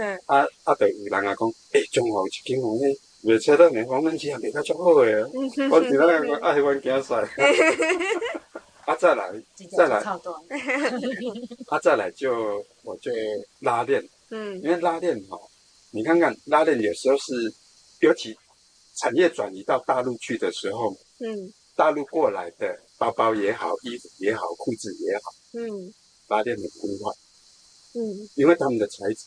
對啊，講、啊、誒、欸啊 哎 啊，再來，再來，啊，再來就我就拉鏈。嗯，因為拉鏈、喔、你看看拉鏈有時候是產業轉移到大陸去的時候，嗯，大陸過來的包包也好，衣服也好，褲子也好，嗯，拉鏈很嗯，因為他們的材質。